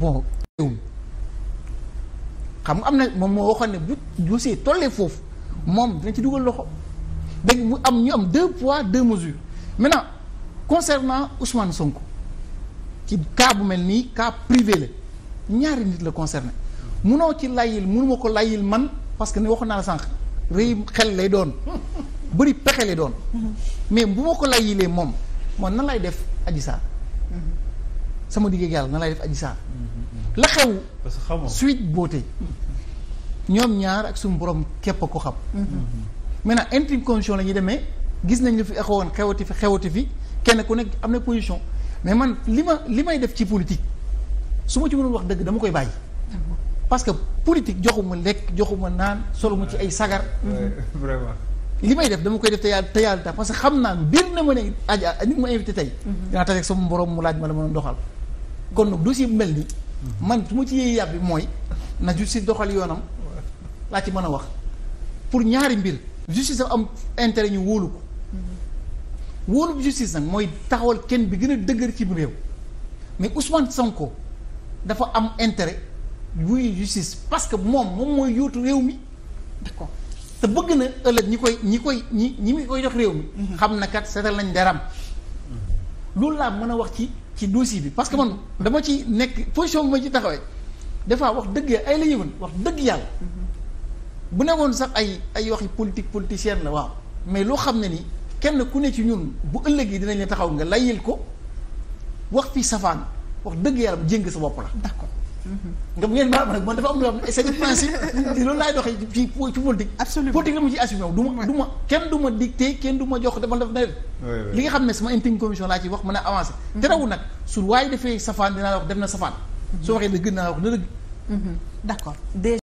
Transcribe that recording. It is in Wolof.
bon teewul xam nga am na moom moo waxoon ne bu dossier tollee foofu moom dina ci dugal loxo dañ mu am ñu am deux poids deux mesures maintenant concernant Ousmane Sonko ci cas bu mel nii cas privé la ñaari nit la concerné munoo ci layil munuma ko layil man parce que ne waxoon naa la sànq rëy xel lay doon bëri pexe lay doon mm-hmm. mais bu ma ko layilee moom moom nan lay def Adji sama digg yàlla na lay def Adji Sarr mm-hmm, mm-hmm. la xew parce que xamoo suite beauté ñoom ñaar ak suñu borom képp ko xam mm-hmm. maintenant intime condition la ñuy demee gis nañ lu fi xewoon xewati fi xewati fi kenn ku nekk am na position mais man li ma li may def ci politique su ma ci mënul wax dëgg dama koy bàyyi parce que politique joxuma lekk joxuma naan soluma ci ay sagar vraiment li may def dama koy def te yàlla te yàlla tax parce que xam naa mbir na ma ne aja nit ma invité tey dinaa taseeg sama borom mu laaj ma la mën doxal kon nag dossier bu mel ni mhm. man su ma ci yee yàbbi mooy na justice doxal yoonam laa ci mën a wax pour ñaari mbir justice am intérêt ñu wóolu ko mhm. wóolu justice nag mooy taxawal kenn bi gën a dëgër ci réew mais Ousmane Sonko dafa am intérêt wuy justice parce que moom moom mooy yootu réew mi d'accord te bëgg na ëllëg ñi koy ñi koy ñi ñi muy koy jox réew mi mhm. xam na kat seetal nañ deram loolu laa mën a wax ci ci dossier bi parce que man dama ci nekk position bu ma ci taxawee des wax dëgg ay la yëwan wax dëgg yàlla bu nekkoon sax ay ay waxi politique politicienne la waaw mais loo xam ne ni kenn ku ne ci ñun bu ëllëg yi dinañ la taxaw nga layil ko wax fi safaan wax dëgg yàlla bu jéng sa bopp la d'accord Mm-hmm. nga ngeen baal ma nag man dafa am lu am c'est le loolu laay doxee ci ci politique. absolument la mu ciy assumé wu du ma kenn du ma kenn du jox te man dafa nawet. li nga xam ne sama intime commission laa ciy wax mën a avancé. Mm-hmm. terewul nag su waaye defee safaan dinaa wax def na safaan. soo waxee dëgg naa wax na